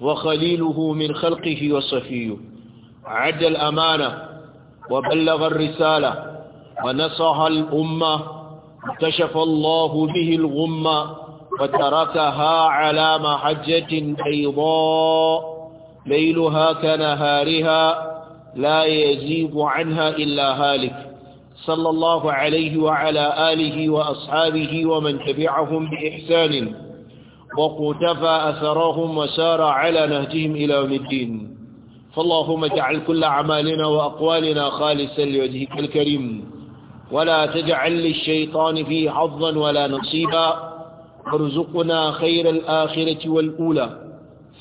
وخليله من خلقه وصفيه عد الأمانة وبلغ الرسالة ونصح الأمة اكتشف الله به الغمة وتركها على محجة بيضاء ليلها كنهارها لا يزيب عنها إلا هالك صلى الله عليه وعلى آله وأصحابه ومن تبعهم بإحسان وقتفى أثرهم وسار على نهجهم إلى يوم الدين فاللهم اجعل كل أعمالنا وأقوالنا خالصا لوجهك الكريم ولا تجعل للشيطان فيه حظا ولا نصيبا ارزقنا خير الآخرة والأولى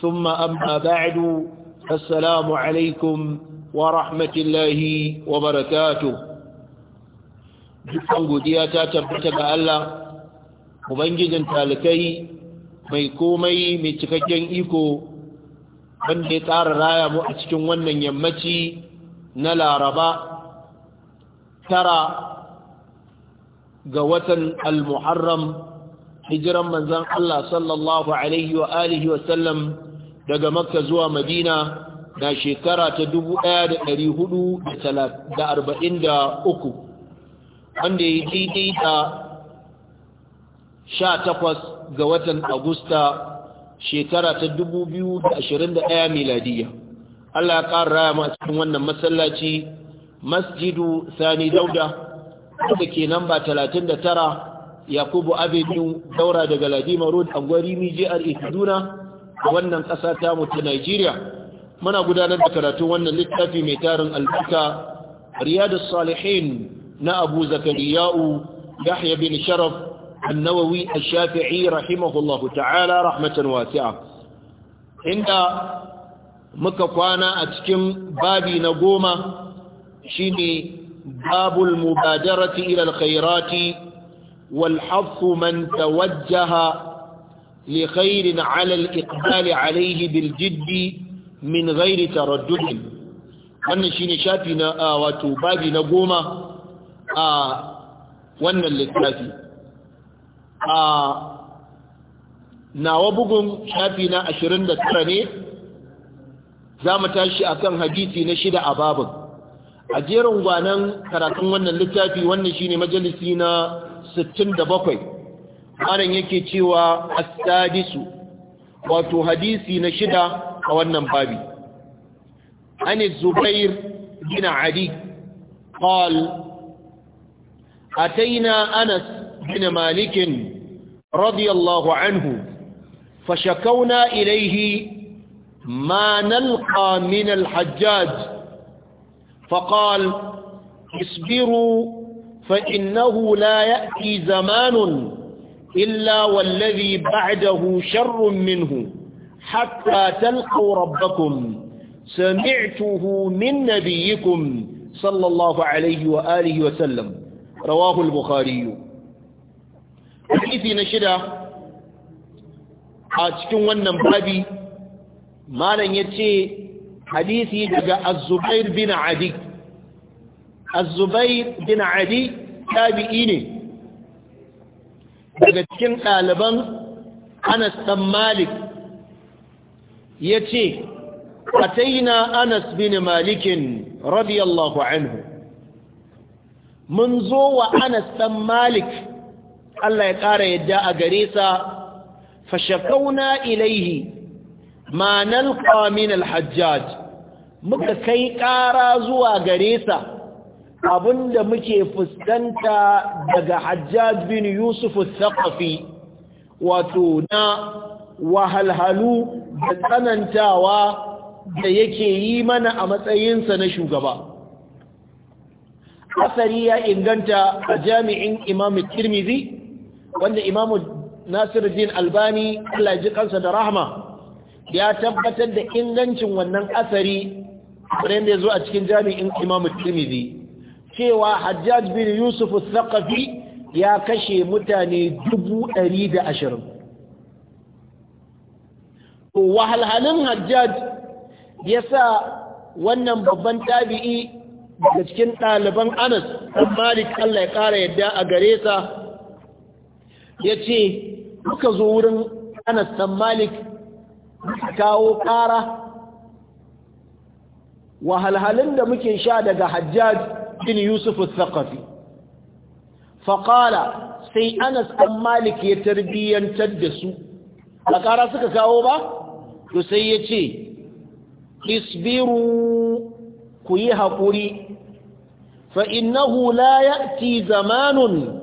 ثم أما بعد السلام عليكم ورحمة الله وبركاته dukkan godiya ta tabbata ga Allah ubangijin talikai mai komai mai cikakken iko wanda ya tsara raya mu a cikin wannan yammaci na laraba tara ga watan al-muharram hijiran manzan Allah sallallahu alaihi wa alihi wa sallam daga makka zuwa madina na shekara ta uku, wanda ya daidai da sha takwas ga watan agusta shekara ta 2021 miladiya Allah ya ƙara ma cikin wannan masallaci masjidu sani dauda da ke nan ba 39 yakubu avenue daura daga ladima road a gwari mijiyar kaduna a wannan ƙasa ta mutu nigeria muna gudanar da karatun wannan littafi mai tarin albarka riyadus salihin na abu zakariya'u yahya bin sharaf النووي الشافعي رحمه الله تعالى رحمة واسعة عند مكفانا أتكم بابي نقوم شيني باب المبادرة إلى الخيرات والحظ من توجه لخير على الإقبال عليه بالجد من غير تردد أن شيني شافينا na آه، بابي نقوم آه وأن a a nawa bugun shafi na ashirin da tara ne za mu tashi a kan hadisi na shida a babin a jerin gwanon karatun wannan littafi wannan shine majalisi na sittin da bakwai. anan yake cewa as-sadisu wato hadisi na shida a wannan babi an zubair bin ali qal ataina anas بن مالك رضي الله عنه فشكونا إليه ما نلقى من الحجاج فقال اصبروا فإنه لا يأتي زمان إلا والذي بعده شر منه حتى تلقوا ربكم سمعته من نبيكم صلى الله عليه وآله وسلم رواه البخاري hadisi na shida a cikin wannan babi malam yace hadisi daga az-zubair bin adi az-zubair bin adi tabi'i ne daga cikin ɗaliban Anas dan Malik yace ataina Anas bin Malik radiyallahu anhu mun zo wa Anas dan Malik Allah ya ƙara yadda a gare sa fashakauna ilaihi ma'anar nalqa Hajjaj alhajjaj muka kai ƙara zuwa gare sa abinda muke fuskanta daga Hajjaj bin Yusuf al wato na wahalhalu da tsanantawa da yake yi mana a matsayinsa na shugaba asari ya inganta a jami'in imam tirmizi wanda imamu nasiruddin albani Allah ji kansa da rahma ya tabbatar da ingancin wannan asari kamar da ya zo a cikin jami'in imamu cewa hajjaj bin yusuf sakafi ya kashe mutane dubu ɗari da ashirin wahalhalin hajjaj ya sa wannan babban tabi'i daga cikin ɗaliban anas ɗan malik allah ya ƙara yadda a gare sa ya ce muka zo wurin anas malik muka kawo ƙara wahalhalun da muke sha daga hajjaj bin yusuf al-thaqafi faƙala sai anas malik ya tarbiyyantar da su a ƙara suka kawo ba to sai ya ce isbiru ku yi haƙuri innahu la ya'ti zamanun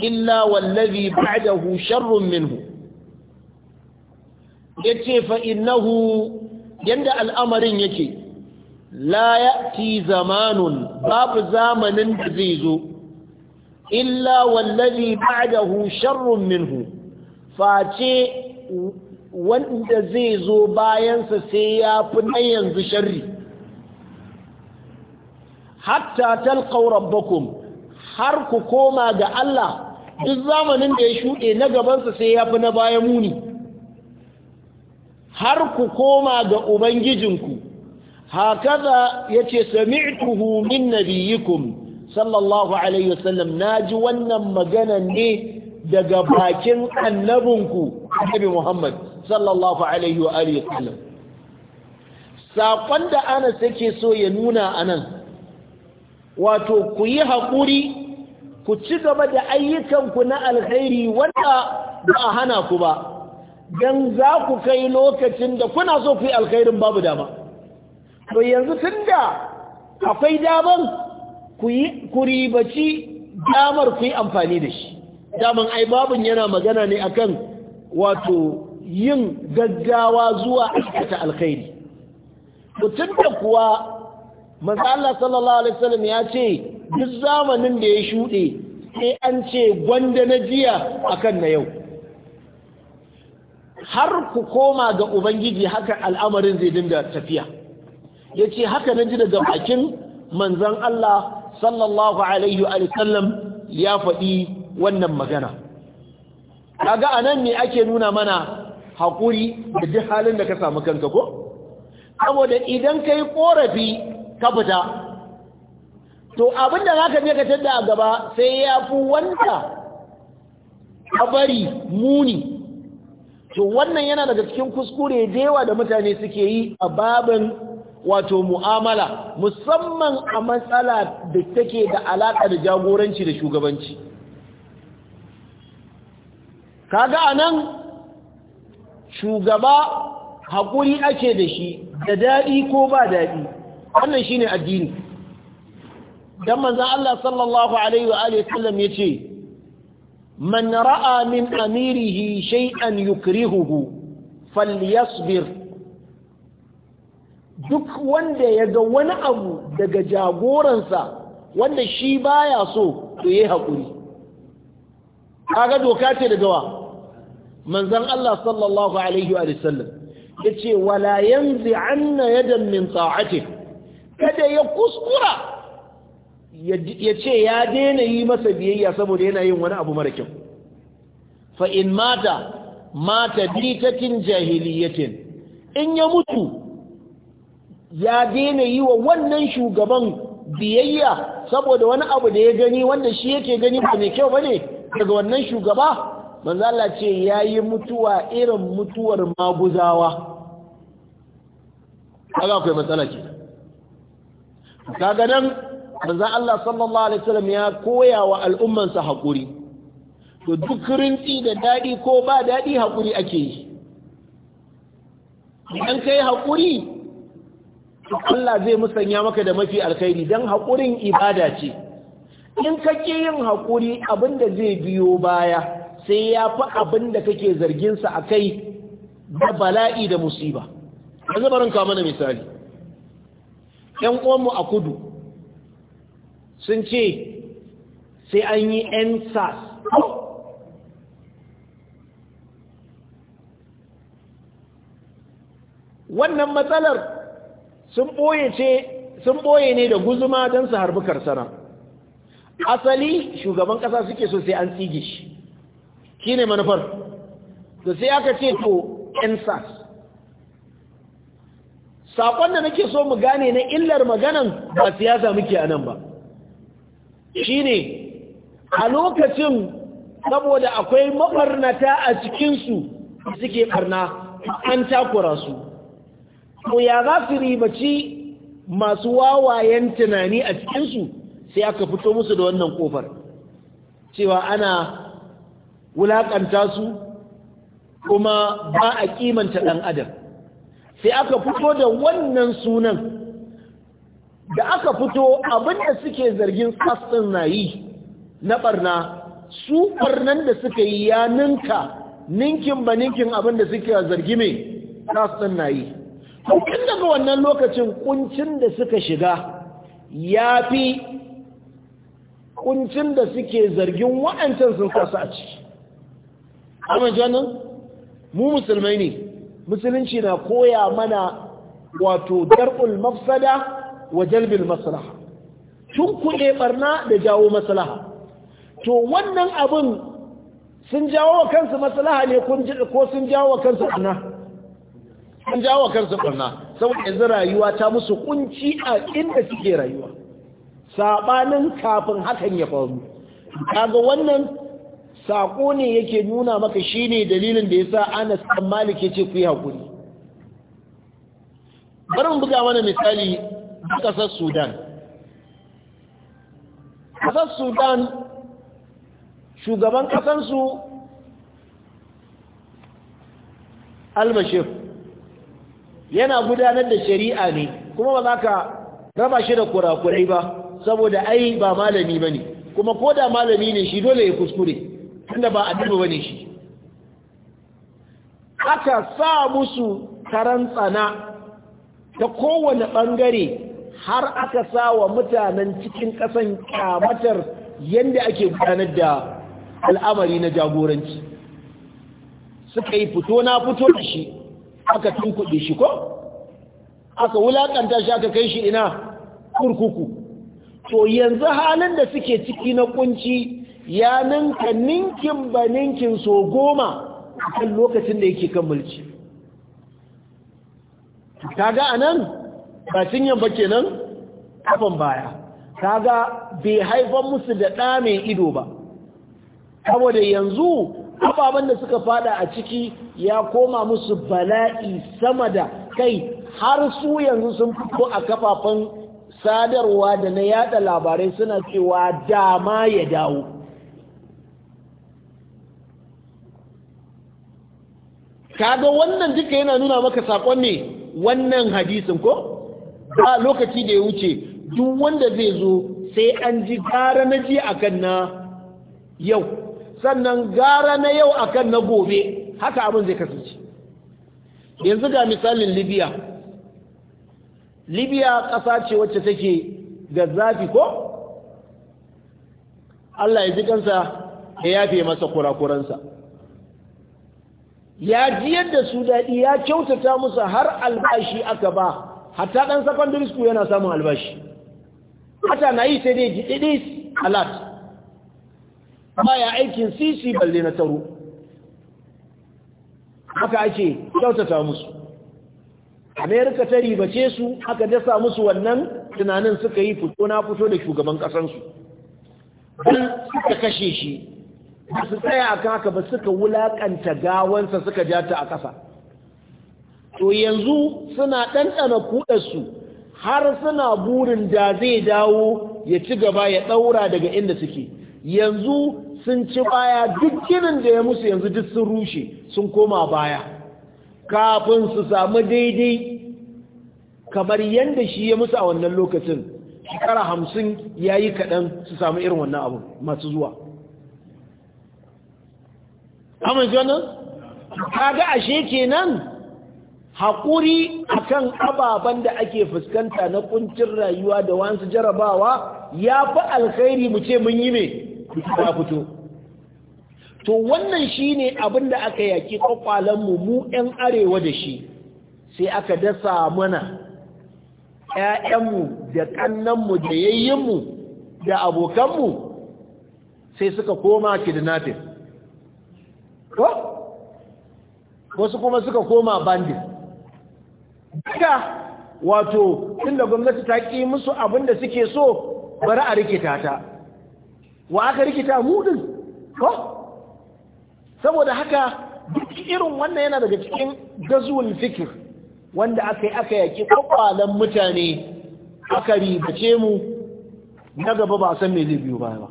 illa wallazi ba'dahu sharrun minhu yace fa innahu yanda al'amarin yake la ya'ti zamanun babu zamanin da zai zo illa wallazi ba'dahu sharrun minhu face wanda zai zo bayansa sai ya fi na yanzu sharri hatta talqaw rabbakum har ku koma ga Allah duk zamanin da ya shuɗe na gabansa sai ya fi na baya muni har ku koma ga ubangijinku hakaza ya ce sami'tuhu min nabiyikum sallallahu alaihi wasallam na ji wannan maganan ne daga bakin annabinku annabi muhammad sallallahu alaihi wa wasallam saƙon da anas yake so ya nuna anan wato ku yi haƙuri ku ci gaba da ayyukanku na alkhairi wanda ba a hana ku ba don za ku kai lokacin da kuna so ku yi alkhairin babu dama to yanzu tun da akwai daman ku ribaci damar ku yi amfani da shi daman ai babin yana magana ne akan wato yin gaggawa zuwa aikata alkhairi mutum da kuwa maza Allah sallallahu alaihi wasallam ya ce duk zamanin da ya shuɗe sai an ce gwanda na jiya akan na yau har ku koma ga ubangiji haka al'amarin zai dinga tafiya ya ce haka na ji daga bakin manzan Allah sallallahu alaihi wasallam ya faɗi wannan magana kaga anan ne ake nuna mana haƙuri da duk halin da ka samu kanka ko saboda idan kai ƙorafi ka fita to abin da za ka je ka tada a gaba sai ya fi wanda ka bari muni to wannan yana daga cikin kuskure da yawa da mutane suke yi a babin wato mu'amala musamman a matsala da take da alaƙa da jagoranci da shugabanci kaga a nan shugaba haƙuri ake da shi da daɗi ko ba daɗi wannan shine addini dan manzon Allah sallallahu alaihi wa alihi sallam yace man ra'a min amirihi shay'an yukrihuhu falyasbir duk wanda ya ga wani abu daga jagoransa wanda shi baya so to yayi hakuri kaga doka ce daga wa manzon Allah sallallahu alaihi wa sallam yace wala yanzi anna yadan min kada ya kuskura ya ce ya daina yi masa biyayya saboda yana yin wani abu mara kyau fa in mata mata ditatin jahiliyatin in ya mutu ya daina yi wa wannan shugaban biyayya saboda wani abu da ya gani wanda shi yake gani ba mai kyau bane daga wannan shugaba manzo Allah ce yayi mutuwa irin mutuwar maguzawa kaga akwai matsala kenan kaga nan manzon Allah sallallahu alaihi wasallam ya koya wa sa hakuri to duk rinci da dadi ko ba dadi hakuri ake yi idan kai hakuri to Allah zai musanya maka da mafi alkhairi dan hakurin ibada ce in ka kake yin hakuri abinda zai biyo baya sai ya fi abinda kake zargin sa akai da bala'i da musiba yanzu barin ka mana misali 'yan uwanmu a kudu sun ce sai an yi ensas wannan matsalar sun ɓoye ne da guzuma don su harbi karsana asali shugaban ƙasa suke so sai an tsige shi shi ne manufar da sai aka ce to ensas saƙon da nake so mu gane na illar maganan ba siyasa muke a nan ba shi ne a lokacin saboda akwai maɓarnata a cikinsu suke ɓarna an takura su ko ya za su ribaci masu wawayen tunani a cikinsu sai aka fito musu da wannan ƙofar cewa ana wulaƙanta su kuma ba a kimanta ɗan adam sai aka fito da wannan sunan da aka fito abinda suke zargin tsatsin na yi na barna su barnan da suka yi ya ninka ninkin ba ninkin abinda suke zargi mai tsatsin na yi hukun daga wannan lokacin kuncin da suka shiga ya fi kuncin da suke zargin wa'ancan sun kasa a ciki amma janin mu musulmai ne musulunci na koya mana wato dar'ul mafsada wa jalbil maslaha tun kuɗe barna da jawo maslaha to wannan abun sun jawo wa kansu maslaha ne ko sun jawo wa kansu barna sun jawo kansu barna saboda yanzu rayuwa ta musu kunci a inda suke rayuwa Saɓanin kafin hakan ya faru kaga wannan saƙo ne yake nuna maka shi ne dalilin da ya sa ana ɗan malik ya ce ku yi haƙuri barin buga mana misali a ƙasar sudan ƙasar sudan shugaban ƙasansu albashir yana gudanar da shari'a ne kuma ba za ka raba shi da kurakurai ba saboda ai ba malami ba ne kuma ko da malami ne shi dole ya kuskure tunda ba a duba bane shi aka sa musu karantsana ta kowane bangare har aka sa wa mutanen cikin kasan kyamatar yadda ake gudanar da al'amari na jagoranci suka yi fito na fito da shi aka tunkuɗe shi ko aka wulaƙanta shi aka kai shi ina kurkuku to yanzu halin da suke ciki na kunci ya ninka ninkin ba ninkin so goma kan lokacin da yake kan mulki a anan ba cinyan ba nan kafan baya ga bai haifar musu da ɗa mai ido ba saboda yanzu ababen da suka fada a ciki ya koma musu bala'i sama da kai har su yanzu sun fito a kafafen sadarwa da na yada labarai suna cewa dama ya dawo kaga wannan duka yana nuna maka sakon ne wannan hadisin ko ba lokaci da ya wuce duk wanda zai zo sai an ji gara na ji akan na yau sannan gara na yau akan na gobe haka abin zai kasance yanzu ga misalin libya libya ƙasa ce wacce take ga zafi ko Allah ya ji kansa ya yafe masa kurakuransa ya ji yadda su daɗi ya kyautata musu har albashi aka ba hatta ɗan secondary school yana samun albashi hata na yi sai dai ji alat ba ya aikin sisi balle na taro haka ake kyautata musu amerika ta ribace su aka dasa musu wannan tunanin suka yi fito na fito da shugaban ƙasansu don suka kashe shi ba su tsaya a kaka ba suka wulaƙanta gawansa suka ja ta a ƙasa to yanzu suna ɗanɗana kuɗarsu har suna burin da zai dawo ya ci gaba ya ɗaura daga inda suke yanzu sun ci baya duk ginin da ya musu yanzu duk sun rushe sun koma baya kafin su samu daidai kamar yadda shi ya musu a wannan lokacin shekara hamsin ya yi kaɗan su samu irin wannan abu masu zuwa amma ji wannan kaga ashe kenan haƙuri akan ababen da ake fuskanta na ƙuncin rayuwa da wasu jarabawa ya fi alkhairi mu ce mun yi me ta fito to wannan shine abin da aka yaƙi kwakwalenmu mu 'yan arewa da shi sai aka dasa mana 'ya'yanmu da ƙannanmu da yayyinmu da abokanmu sai suka koma kidnapping ko wasu kuma suka koma bandit daga wato inda gwamnati ta ƙi musu abin da suke so bari a rikita ta wa aka rikita mudin ko saboda haka duk irin wannan yana daga cikin gazuwan fikir wanda aka yi aka yaƙi kwakwalen mutane aka ribace mu na gaba ba san mai zai biyu baya ba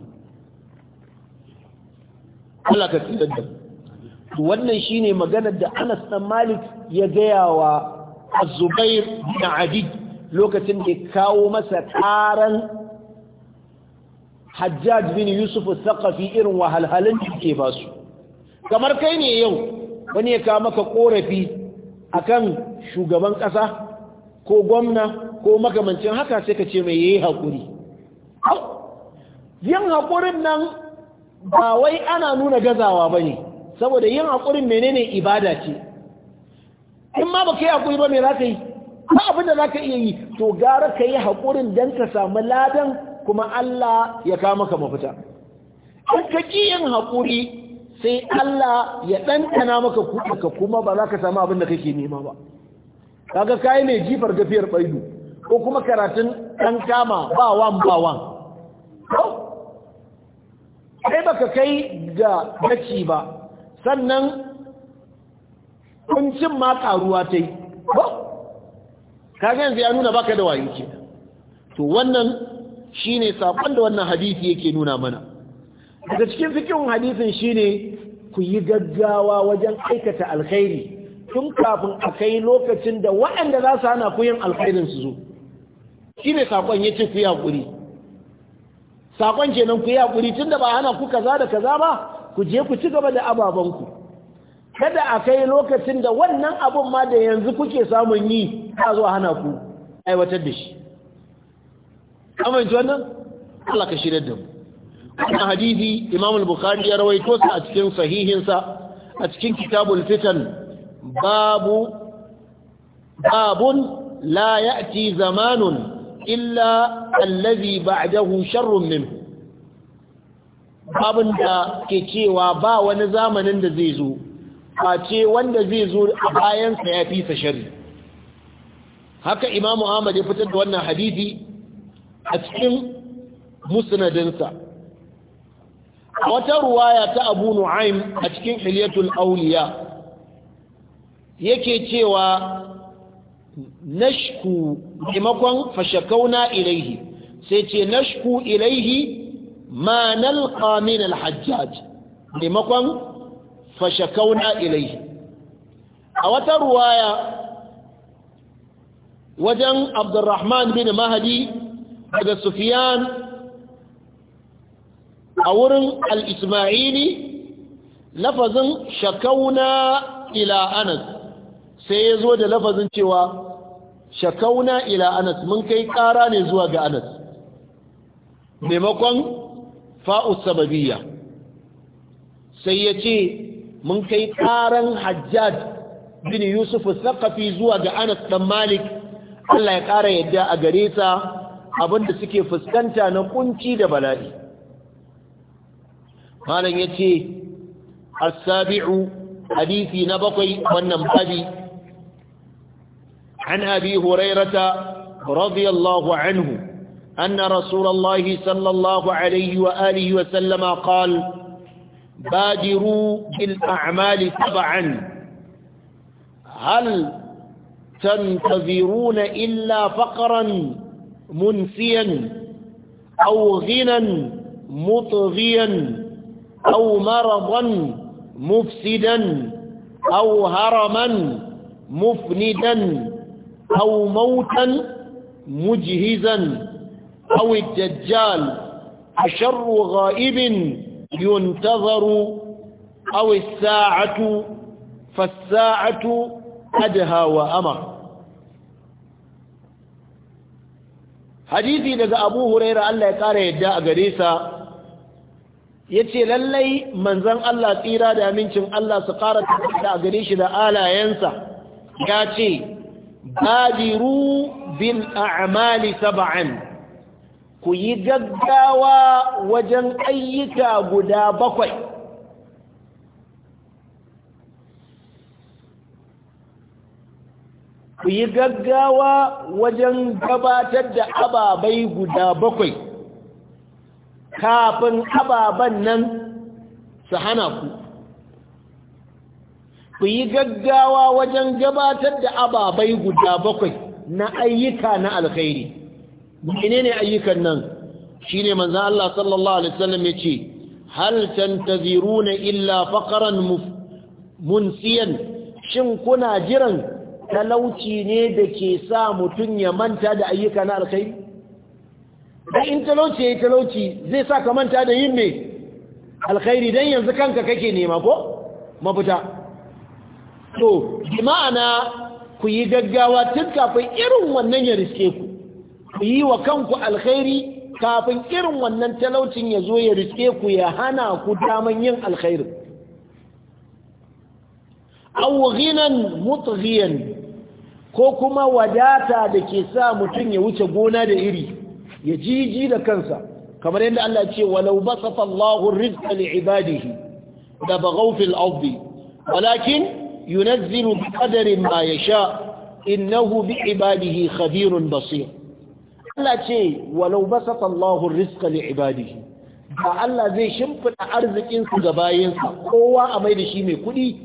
Allah ka tsira da mu wannan shine maganar da Anas dan Malik ya gaya wa Az-Zubair bin Adi lokacin da kawo masa karan Hajjaj bin Yusuf al-Thaqafi irin wahalhalin da ke ba su kamar kai ne yau wani ya kawo maka korafi akan shugaban kasa ko gwamna ko makamancin haka sai ka ce mai yayi hakuri yin hakurin nan ba wai ana nuna gazawa bane saboda yin haƙurin menene ibada ce in ma ka yi haƙuri ba me za ka yi ba abin da za ka iya yi to gara ka yi haƙurin don ka samu ladan kuma Allah ya kama ka mafita in ka ƙi yin haƙuri sai Allah ya ɗanɗana maka kuɗi ka kuma ba za ka samu abin da kake nema ba kaga kayan mai jifar gafiyar ɓaidu ko kuma karatun ɗan kama ba wan ba wan sai baka kai ga gaci ba sannan kuncin ma karuwa ta yi kaga yanzu ya nuna baka da wayo ke to wannan shi ne saƙon da wannan hadisi yake nuna mana daga cikin fikin hadisin ne ku yi gaggawa wajen aikata alkhairi tun kafin a kai lokacin da waɗanda za su hana ku yin alkhairin su zo Shi ne saƙon ya ce ku yi hakuri Saƙon kenan ku yi hakuri tunda ba hana ku kaza da kaza ba ku je ku ci gaba da ababanku kada a kai lokacin da wannan abun ma da yanzu kuke samun yi ta zo hana ku aiwatar da shi amince wannan Allah ka shirya da mu wannan hadisi Imam al-Bukhari ya rawaito sa a cikin sahihinsa a cikin kitabul fitan babu babun la ya'ti zamanun illa allazi ba'dahu sharrun minhu babin da ke cewa ba wani zamanin da zai zo ce wanda zai zo a bayansa ya fi sa shari haka imamu ahmad ya fitar da wannan hadisi a cikin musnadinsa wata ruwaya ta abu nu'aim a cikin hilyatul auliya yake cewa nashku maimakon fashakauna ilaihi sai ce nashku ilaihi ma nalqa min al-hajjaj limakon fashakauna ilai a wata ruwaya wajen abdurrahman bin mahadi daga sufiyan a wurin al-ismaili lafazin shakauna ila anas sai ya zo da lafazin cewa shakauna ila anas mun kai kara ne zuwa ga anas maimakon fa'u sababiya sai ya ce mun kai ƙaran hajjad bin yusuf sakafi zuwa ga anas ɗan malik allah ya ƙara yadda a gare ta abinda suke fuskanta na kunci da bala'i malam ya ce asabi'u hadisi na bakwai wannan babi an abi hurairata radiyallahu anhu أن رسول الله صلى الله عليه وآله وسلم قال بادروا بالأعمال تبعا هل تنتظرون إلا فقرا منسيا أو غنى مطغيا أو مرضا مفسدا أو هرما مفندا أو موتا مجهزا أو الدجال ibin غائب ينتظر أو الساعة فالساعة أدهى وأمر hadisi daga abu huraira Allah ya kara yadda a gare sa ya ce lallai manzan Allah tsira da amincin Allah su kara tafiya a gare shi da alayensa ya ce badiru bin a'amali saba'an ku yi gaggawa wajen ayyuka guda bakwai ku yi gaggawa wajen gabatar da ababai guda bakwai kafin ababan nan su hana ku ku yi gaggawa wajen gabatar da ababai guda bakwai na ayyuka na alkhairi menene ayyukan nan shine manzo Allah sallallahu alaihi wasallam yace hal tantaziruna illa faqran munsiyan shin kuna jiran talauci ne da ke sa mutum ya manta da ayyuka na alkhairi dan in talauci ya talauci zai sa ka manta da yin me alkhairi dan yanzu kanka kake nema ko mafita to bi ma'ana ku yi gaggawa tun kafin irin wannan ya riske ku ku yi wa kanku alkhairi kafin irin wannan talaucin ya zo ya riske ku ya hana ku daman yin alkhairi aw ghinan ko kuma wadata da ke sa mutum ya wuce gona da iri ya jiji da kansa kamar yadda Allah ce walau basafa Allahu rizqa li da baghaw fil walakin yunazzilu bi qadarin ma sha innahu bi ibadihi khabirun basir Allah ce walau basata Allahu rizqa li ibadihi ba Allah zai shimfida arzikin su ga bayansa kowa a mai da shi mai kudi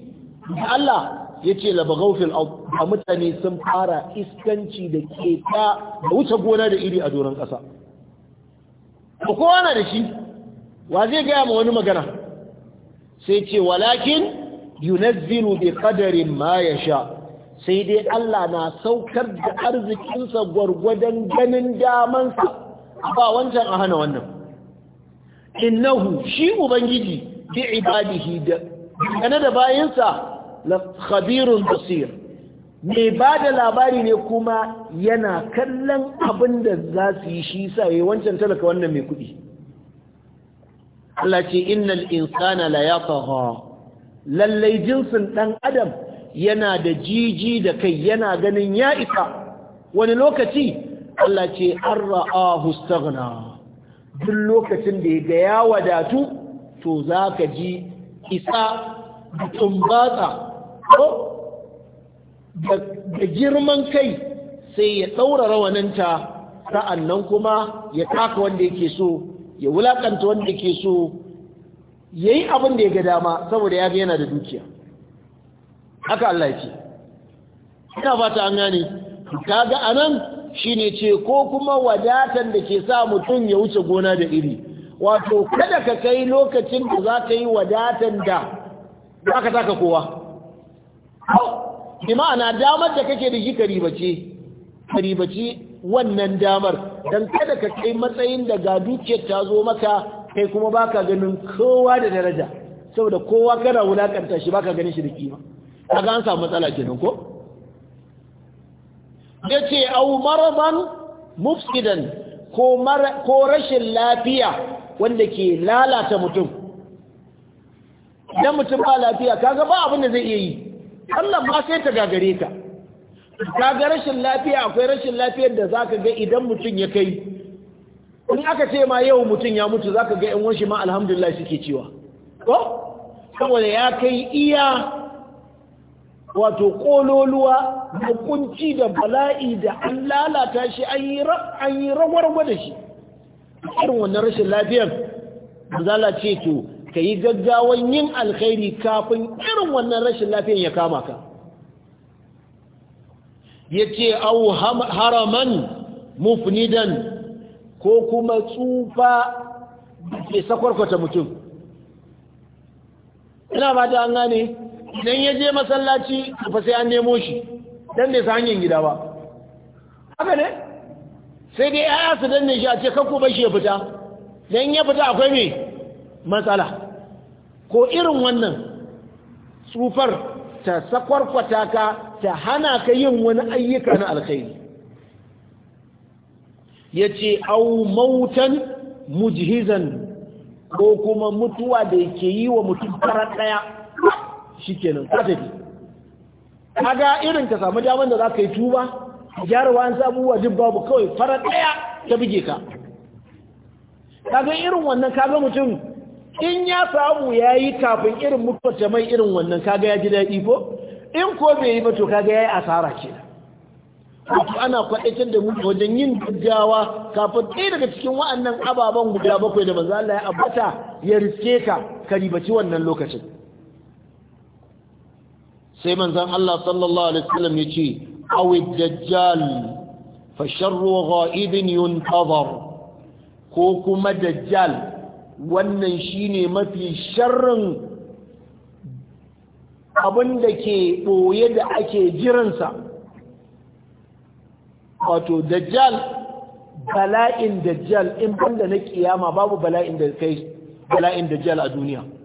da Allah yace la baghawfil a mutane sun fara iskanci da keta da wuce gona da iri a doron kasa ko kowa na da shi wa zai gaya ma wani magana sai ce walakin yunazzilu bi qadarin ma sha. sai dai Allah na saukar da arzikinsa gwargwadon ganin damansa ba wancan a hana wannan innahu shi ubangiji bi ibadihi da kana da bayansa la khabirun basir me ba da labari ne kuma yana kallon abin da za su yi shi sa yi wancan talaka wannan mai kuɗi Allah ce innal insana la yatagha lallai jinsin dan adam yana da jiji da kai yana ganin ya isa wani lokaci Allah ce an ra'ahu staghna duk lokacin da ya ga ya wadatu to za ka ji isa da tumbatsa ko da girman kai sai ya ɗaura rawaninta sa'an nan kuma ya taka wanda yake so ya wulaƙanta wanda yake so ya yi abin da ya ga dama saboda ya yana da dukiya haka Allah yake ina fata an gane kaga anan shine ce ko kuma wadatan da ke sa mutum ya wuce gona da iri wato kada ka kai lokacin da za ka yi wadatan da za ka taka kowa bi ma'ana damar da kake da shi karibace karibace wannan damar don kada ka kai matsayin da ga dukiyar ta zo maka kai kuma baka ganin kowa da daraja saboda kowa kana wulakanta shi baka ganin shi da kima kaga an samu matsala kenan ko yace au maradan mufsidan ko ko rashin lafiya wanda ke lalata mutum idan mutum ba lafiya kaga ba abin da zai iya yi Allah ba sai ta gagare ka kaga rashin lafiya akwai rashin lafiyar da zaka ga idan mutum ya kai in aka ce ma yau mutum ya mutu zaka ga yan wanshi ma alhamdulillah suke cewa ko saboda ya kai iya wato kololuwa da da bala'i da an lalata shi an yi rawarwa da shi irin wannan rashin lafiyar zala ce to ka yi gaggawan yin alkhairi kafin irin wannan rashin lafiyar ya kama ka ya ce au haraman mufnidan ko kuma tsufa da ke sakwarkwata mutum ina ba da an gane idan ya je masallaci fa sai an nemo shi dan bai sa hanyar gida ba haka ne sai dai yaya su danne shi a ce kakko bashi ya fita dan ya fita akwai mai matsala ko irin wannan tsufar ta sakwarkwata ka ta hana ka yin wani ayyuka na alkhairi ce au mautan mujhizan ko kuma mutuwa da ke yi wa mutum farar daya shikenan kenan tafi kaga irin ka samu daman da za ka yi tuba gyara wa an samu duk babu kawai farar ɗaya ta buge ka kaga irin wannan kaga mutum in ya samu ya yi kafin irin mutuwar ta mai irin wannan kaga ya ji daɗi ko in ko bai yi ba to kaga yi asara ke. wato ana kwaɗaitar da mutu wajen yin gaggawa kafin ɗaya daga cikin wa'annan ababen guda bakwai da manzo Allah ya abata ya riske ka ka ribaci wannan lokacin sai manzan Allah sallallahu alaihi wasallam yace awi dajjal fa sharru ghaibin yuntazar ko kuma dajjal wannan shine mafi sharrin abin da ke ɓoye da ake jiransa wato dajjal bala'in dajjal in banda na ƙiyama babu bala'in da kai bala'in dajjal a duniya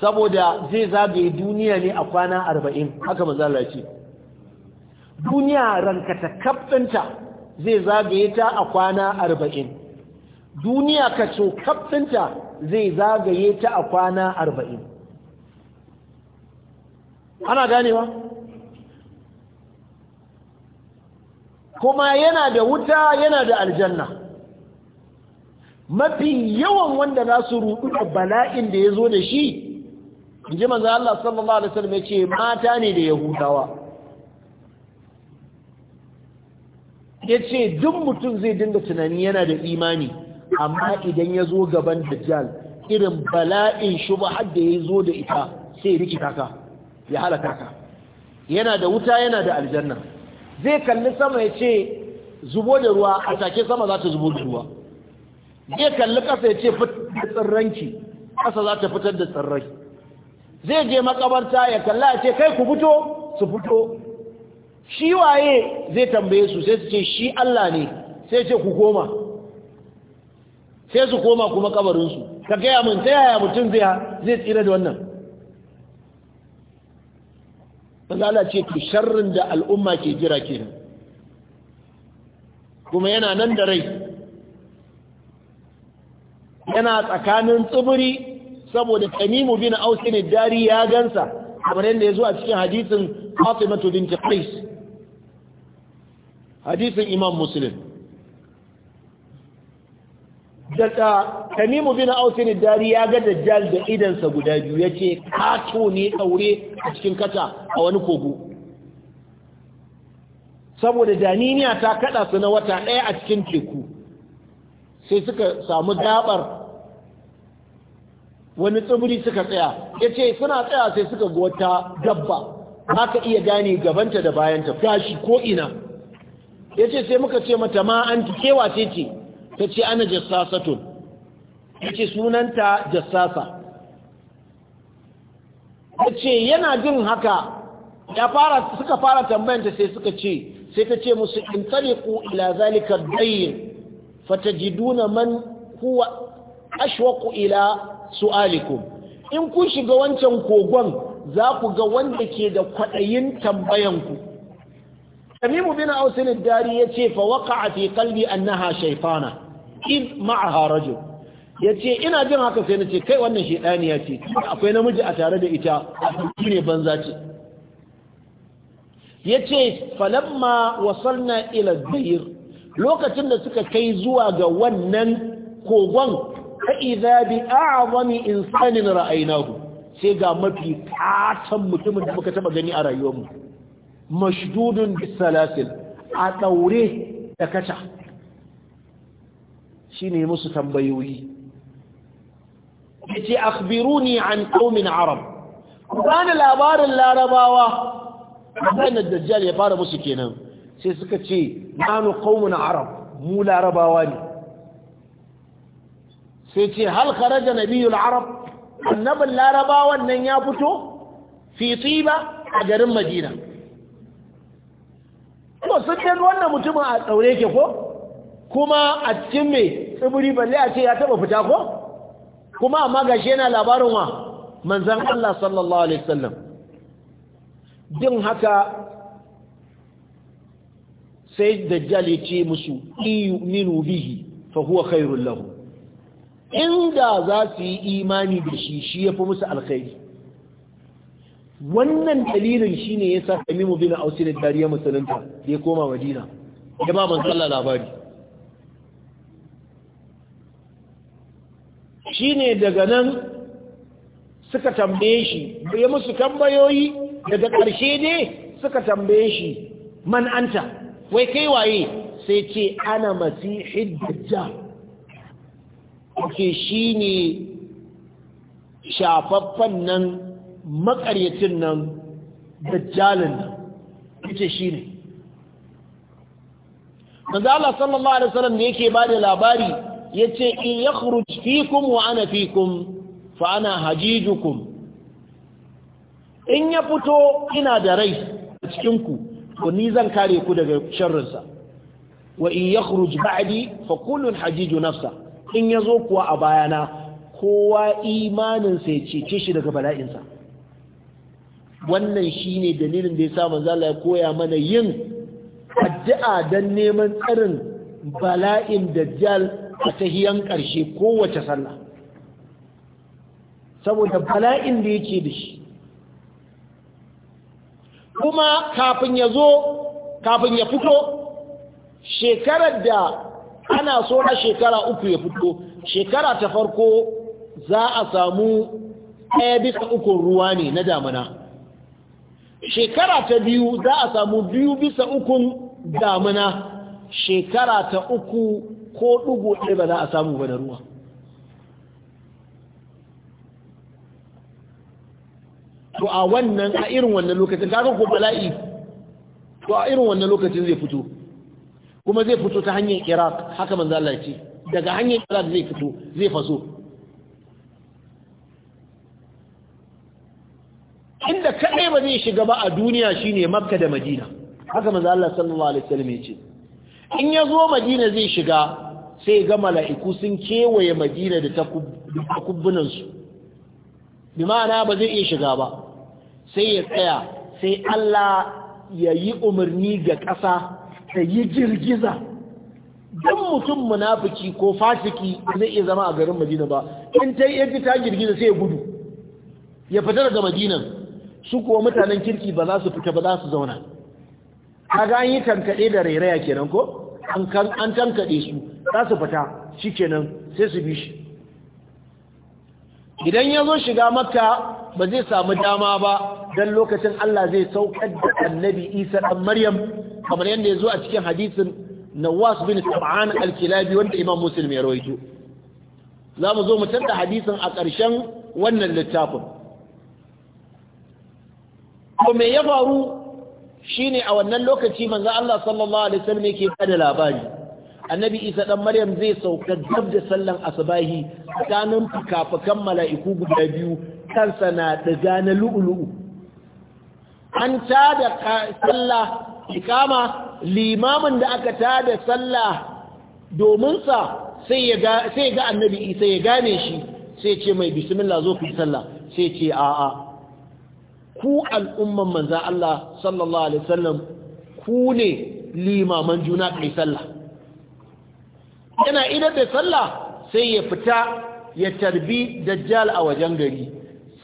saboda zai zagaye duniya ne a kwana arba'in haka manzala ce duniya rankata kafinta zai zagaye ta a kwana arba'in duniya ka so zai zagaye ta a kwana arba'in ana ganewa kuma yana da wuta yana da aljanna mafi yawan wanda za su rudu bala'in da ya zo da shi in ji manzo Allah sallallahu alaihi wasallam yace mata ne da yahudawa yace duk mutum zai dinga tunani yana da imani amma idan ya zo gaban dajjal irin bala'in shubhar da ya zo da ita sai rikita ka ya halaka ka yana da wuta yana da aljanna zai kalli sama ya ce zubo da ruwa a take sama za ta zubo da ruwa zai kalli ƙasa ya ce fitar da tsirranki ƙasa za ta fitar da tsirrai zai je makabarta ya kalla ce kai ku fito su fito shi waye zai tambaye su sai su ce shi Allah ne sai ce ku koma sai su koma kuma kabarinsu ka gaya min ta yaya mutum zai zai tsira da wannan mazala ce ku sharrin da al'umma ke jira kenan kuma yana nan da rai yana tsakanin tsibiri saboda tamimu bin ausin dari ya gansa kamar yadda ya zo a cikin hadisin fatimatu binti qais hadisin imam muslim daga tamimu bin ausin dari ya ga dajjal da idansa guda biyu ya ce kato ne daure a cikin kata a wani kogo saboda daniniya ta kada su na wata ɗaya a cikin teku sai suka samu gabar wani tsibiri suka tsaya ya ce suna tsaya sai suka ga wata dabba ka iya gane gabanta da bayanta gashi ko ina ya ce sai muka ce mata ma an kewa ce ce ta ce ana tun ya ce sunanta jassasa ya ce yana jin haka ya fara suka fara tambayanta sai suka ce sai ta ce musu in ku ila zalika dayin duna man kuwa ashwaku ila su'alikum in kun shiga wancan kogon za ku ga wanda ke da kwaɗayin tambayanku tamimu bin ausin dari ya ce fa waqa'a fi qalbi annaha shaytana in ma'aha rajul ya ce ina jin haka sai na ce kai wannan shaidaniya ce akwai namiji a tare da ita shi ne banza ce ya ce falamma wasalna ila bayir lokacin da suka kai zuwa ga wannan kogon fa'iza bi a'azami insanin ra'aynahu sai ga mafi katan mutumin da muka taba gani a rayuwarmu mashdudun bisalasil a ɗaure da kaca ne musu tambayoyi yace akhbiruni an qaumin arab kana labarin larabawa kana dajjal ya fara musu kenan sai suka ce nanu qaumun arab mu larabawa ne sai ce hal kharaja nabiyul arab annabin laraba wannan ya fito fi tsiba a garin madina Kuma sun ɗan wannan mutumin a tsaure ke ko kuma a cikin mai tsibiri balle a ce ya taɓa fita ko kuma amma gashi yana labarin wa manzan Allah sallallahu alaihi sallam. din haka sai dajjal ya ce musu iyuminu bihi fa huwa khairul lahu inda za su yi imani da shi shi ya fi musu alkhairi wannan dalilin shi ne ya sa bina ausi na dariya musulunta da ya koma madina ya ba man tsalla labari shi ne daga nan suka tambaye shi ya musu tambayoyi daga ƙarshe ne suka tambaye shi man'anta wai kai waye sai ce ana masihid dajjal ake shi ne shafaffen nan makaryacin nan dajjalin nan ita shi ne manzala sallallahu alaihi wasallam da yake ba da labari ya ce in ya fikum wa ana fikum fa ana hajijukum in ya fito ina da rai a cikinku to ni zan kare ku daga sharrinsa wa in ya ba'di fa kullun hajiju nafsa in ya zo kuwa a bayana kowa imaninsa ya cece shi daga bala'insa wannan shi ne dalilin da ya sa manzala ya koya mana yin addu'a don neman tsarin bala'in dajjal a tahiyan ƙarshe kowace sallah saboda bala'in da yake da shi kuma kafin ya zo kafin ya fito shekarar da ana so na shekara uku ya fito shekara ta farko za a samu ɗaya bisa ukun ruwa ne na damuna shekara ta biyu za a samu biyu bisa ukun damuna shekara ta uku ko ɗugu ɗaya ba za a samu ba da ruwa to a wannan a irin wannan lokacin kaga ko bala'i to a irin wannan lokacin zai fito kuma zai fito ta hanyar iraq haka manzo Allah ce daga hanyar iraq zai fito zai faso inda kadai ba zai shiga ba a duniya shine makka da madina haka manzo Allah sallallahu alaihi wasallam ya ce in ya zo madina zai shiga sai ga mala'iku sun kewaye madina da su bi ma'ana ba zai iya shiga ba sai ya tsaya sai Allah ya yi umarni ga ƙasa ka yi girgiza don mutum munafuki ko fasiki zai iya zama a garin madina ba in ta yi ta girgiza sai ya gudu ya fita daga madinan su kuwa mutanen kirki ba za su fita ba za su zauna kaga an yi tankaɗe da rairaya kenan ko an tankaɗe su za su fita shi kenan sai su bi shi idan ya zo shiga makka ba zai samu dama ba don lokacin Allah zai saukar da annabi isa ɗan maryam kamar yadda ya zo a cikin hadisin nawas bin sab'an al-kilabi wanda imam muslim ya rawaito za mu zo mu tada hadisin a ƙarshen wannan littafin ko me ya faru shine a wannan lokaci manzo Allah sallallahu alaihi wasallam yake bada labari annabi Isa dan Maryam zai sauka dab da sallan asbahi tsakanin fukafukan mala'iku guda biyu kansa na daga na lu'ulu'u an da sallah ikama limamin da aka tada sallah dominsa sai ya ga annabi isa ya gane shi sai ce mai bismillah zo ku sallah sai ce a'a ku al'umman manzan Allah sallallahu alaihi wasallam ku ne limaman juna kai sallah yana idan da sallah sai ya fita ya tarbi dajjal a wajen gari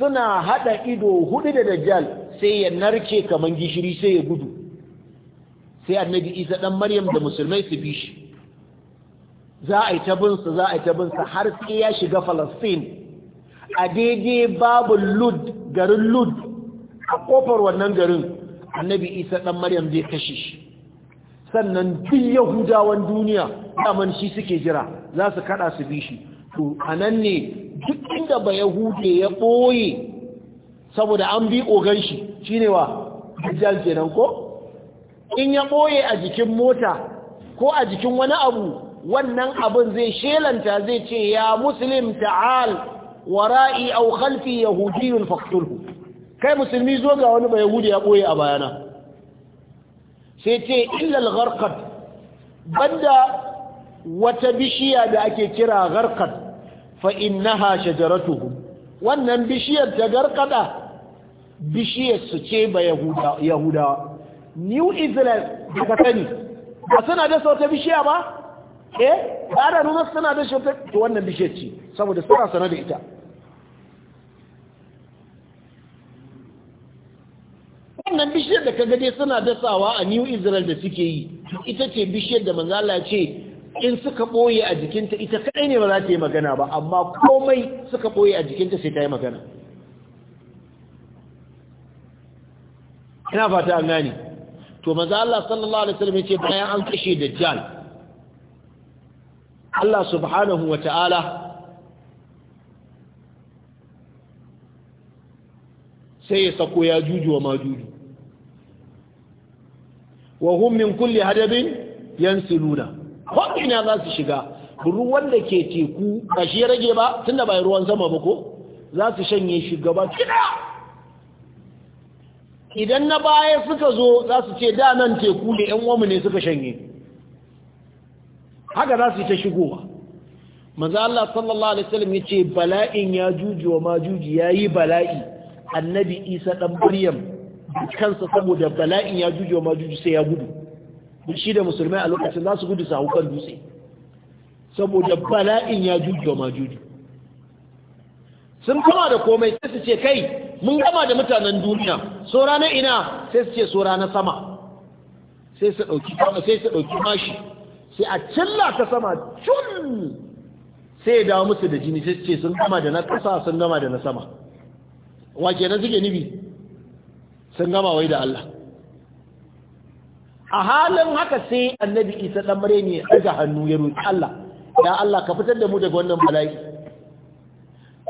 suna hada ido hudu da dajjal sai ya narke kamar gishiri sai ya gudu sai annabi isa dan maryam da musulmai su bi shi za a yi ta binsa za a yi ta binsa har sai ya shiga falastin a daidai babu lud garin lud a kofar wannan garin annabi isa ɗan maryam zai kashe shi sannan duk yahudawan duniya daman shi suke jira za su kada su bi shi to anan ne duk inda ba yahude ya ɓoye saboda an bi ogan shi shine wa dajjal kenan ko in ya ɓoye a jikin mota ko a jikin wani abu wannan abin zai shelanta zai ce ya muslim ta'al wara'i au khalfi yahudiyun faqtulhu kai musulmi zo ga wani bai yahudi ya ɓoye a bayana sai ce illal ban banda wata bishiya da ake kira gharqad fa innaha shajaratuhu wannan bishiyar ta garkada bishiyar su ce ba yahudawa new israel daga ka sani ba suna da sauta bishiya ba eh ba da nuna suna da sauta da wannan bishiyar ce saboda suna sana da ita wannan bishiyar da kaga dai suna dasawa a new israel da suke yi ita ce bishiyar da manzala ce in suka ɓoye a jikinta ita kaɗai ne ba za ta yi magana ba amma komai suka ɓoye a jikinta sai ta yi magana ina fata an gani to manzo Allah sallallahu alaihi wasallam yace bayan an kashe dajjal Allah subhanahu wa ta'ala sai ya sako ya juju wa majuju wa hum min kulli hadabin yansiluna ina za su shiga ruwan da ke teku ba shi rage ba tunda bai ruwan sama ba ko za su shanye shi gaba idan na baya suka zo za su ce da nan teku da ‘yan wamu ne suka shanye haka za su yi ta shigowa maza Allah sallallahu Alaihi wasallam ya bala'in ya juji wa ma juji ya bala'i annabi isa dan maryam kansa saboda bala'in ya juji wa ma juji sai ya gudu shi da musulmai a lokacin za su gudu su haukan dutse saboda bala'in ya juji wa ma juji sun kama da komai sai su ce kai mun gama da mutanen duniya tsora na ina sai su ce tsora na sama sai su ɗauki sai su ɗauki mashi sai a cilla ta sama cun sai ya dawo musu da jini sai su ce sun gama da na ƙasa sun gama da na sama wa na suke nibi sun gama wai da Allah a halin haka sai annabi isa ɗan mare ne ya ɗaga hannu ya roƙi Allah ya Allah ka fitar da mu daga wannan bala'i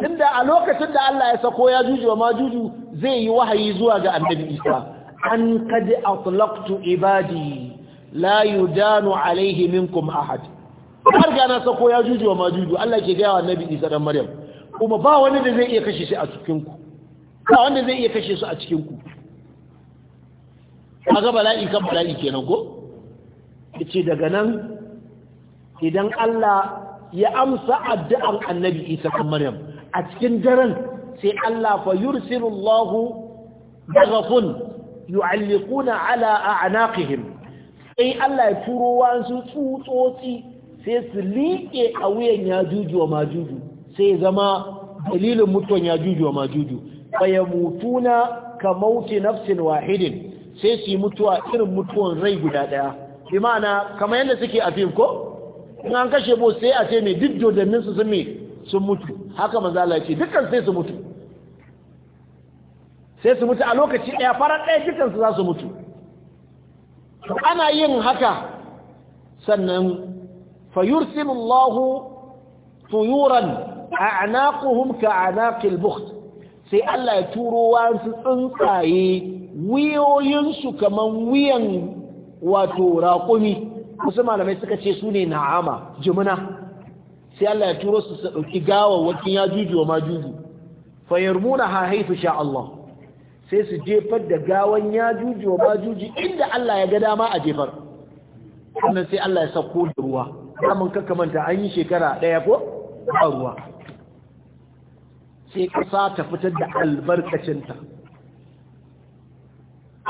Inda a lokacin da Allah ya sako ya juju wa majuju zai yi wahayi zuwa ga annabi Isa an kad atlaqtu ibadi la yudanu alayhi minkum ahad har ga na sako ya juju wa majuju Allah ke gaya wa annabi Isa dan Maryam kuma ba wani da zai iya kashe shi a cikin ku ba wanda zai iya kashe su a cikin ku kaga bala'i kan bala'i kenan ko yace daga nan idan Allah ya amsa addu'an annabi Isa kan Maryam a cikin daren sai Allah fa yursilu Allahu daghafun yu'alliquna ala a'naqihim sai Allah ya turo wasu tsutsotsi sai su liƙe a wuyan yajuju wa majuju sai zama dalilin mutuwan yajuju wa majuju fa yamutuna ka mauti nafsin wahidin sai su mutuwa irin mutuwan rai guda daya bi ma'ana kamar yadda suke a fim ko in an kashe bo sai a ce mai duk dodannin su sun mutu haka manzo ya ce dukkan sai su mutu sai su mutu a lokaci ɗaya farar ɗaya dukkan su za su mutu to ana yin haka sannan fayursimu Allah tuyuran a'naquhum anakil bukht sai Allah ya turo wa su tsuntsaye wiyoyinsu kaman wiyan wato raƙumi wasu malamai suka ce su ne na'ama jimina sai Allah ya turo su su ɗauki gawawwakin ya juju wa majuju fa yarmuna ha haifu sha Allah sai su jefar da gawan ya juju wa majuji inda Allah ya ga dama a jefar sannan sai Allah ya sako da ruwa kaman kaka manta an yi shekara daya ko a ruwa sai ƙasa ta fitar da albarkacinta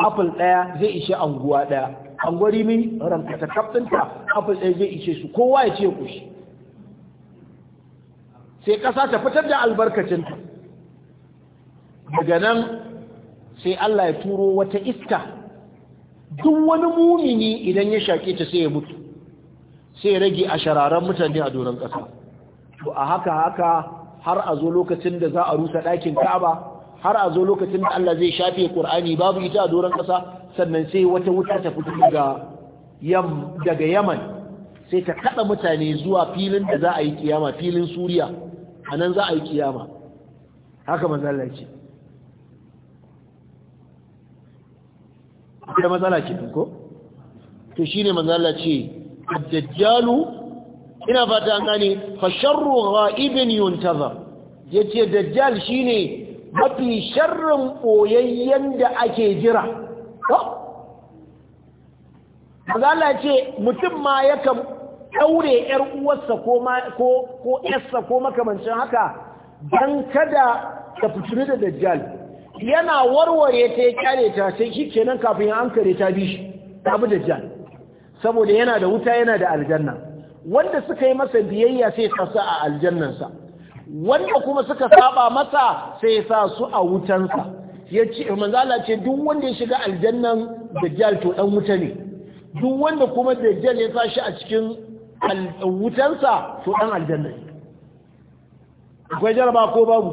apple daya zai ishe anguwa daya an gwari min ranka ta kafinta apple ɗaya zai ishe su kowa ya ce kushi sai ƙasa ta fitar da albarkacin daga nan sai Allah ya turo wata iska duk wani mumini idan ya shaƙe ta sai ya mutu sai rage a shararren mutane a doron ƙasa to a haka haka har a zo lokacin da za a rusa ɗakin ka'aba har a zo lokacin da Allah zai shafe ƙur'ani babu ita a doron ƙasa sannan sai wata wuta ta fito daga yaman sai ta kaɗa mutane zuwa filin da za a yi kiyama filin suriya a nan za a yi kiyama haka manzala ce akwai matsala ce ko to shi ne manzala ce dajjalu ina fata an gane fasharru ra'ibin yuntaza ya ce dajjal shi ne mafi sharrin ɓoyayyen da ake jira ko? manzala ce mutum ma yakan ɗaure ‘yar uwarsa ko ‘yarsa ko makamancin haka don kada ta fitini da dajjal yana warware ta ya kyare ta sai shi kenan kafin ya ankare ta bi shi ta bi dajjal saboda yana da wuta yana da aljanna wanda suka yi masa biyayya sai ya sa a aljannansa wanda kuma suka saba masa sai ya sa su a wutansa ya ce manzala ce duk wanda ya shiga aljannan dajjal to dan wuta ne duk wanda kuma dajjal ya sa shi a cikin wutansa to ɗan aljanna ne akwai jaraba ko babu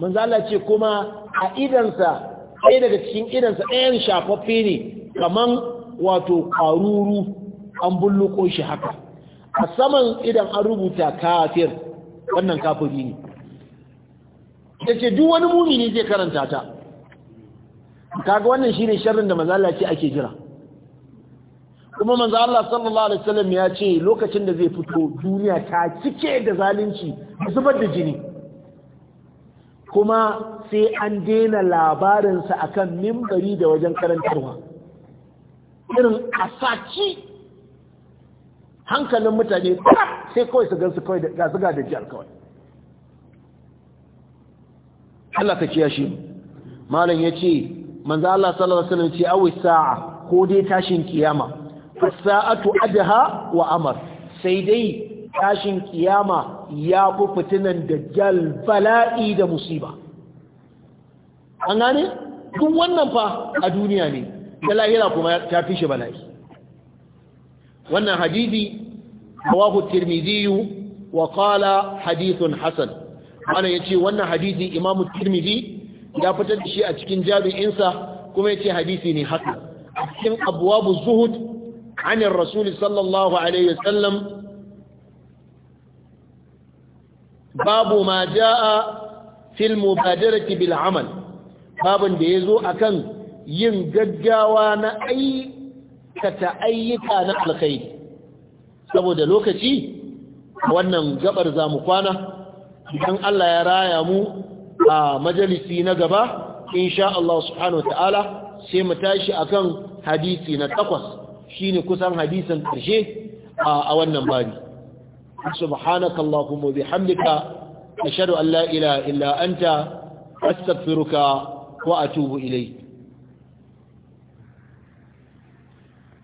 manzo Allah ce kuma a idansa ɗaya daga cikin idansa ɗayan shafaffe ne kaman wato ƙaruru an bulluko shi haka a saman idan an rubuta kafir wannan kafiri ne ya ce duk wani ne zai karanta ta kaga wannan shine sharrin da manzo Allah ce ake jira kuma manzo Allah sallallahu alaihi wasallam ya ce lokacin da zai fito duniya ta cike da zalunci zubar da jini kuma sai an daina labarinsa akan mimbari da wajen karantarwa irin asaci hankalin mutane sai kawai su gansu kawai da su da dajjal kawai Allah ka shi malam ce manzo Allah sallallahu alaihi wasallam ce awai sa'a ko dai tashin kiyama fasa'atu adha wa amar sai dai tashin kiyama ya fi fitinan dajjal bala'i da musiba an gane duk wannan fa a duniya ne da lahira kuma ta fi shi bala'i wannan hadisi rawahu tirmidhi wa qala hadithun hasan wannan yace wannan hadisi imamu tirmidhi ya fitar da shi a cikin jami'insa kuma yace hadisi ne haka cikin abwabu zuhud عن الرسول صلى الله عليه وسلم باب ما جاء في المبادرة بالعمل باب ديزو أكن ينججاوان أي كتأيكان الخير saboda lokaci wannan gabar zamu kwana idan Allah ya raya mu a majalisi na gaba insha Allah subhanahu wataala sai mu tashi akan hadisi na takwas shine kusan hadisin ƙarshe a wannan babi subhanaka allahumma bihamdika ashhadu an la ilaha illa anta astaghfiruka wa atubu ilayk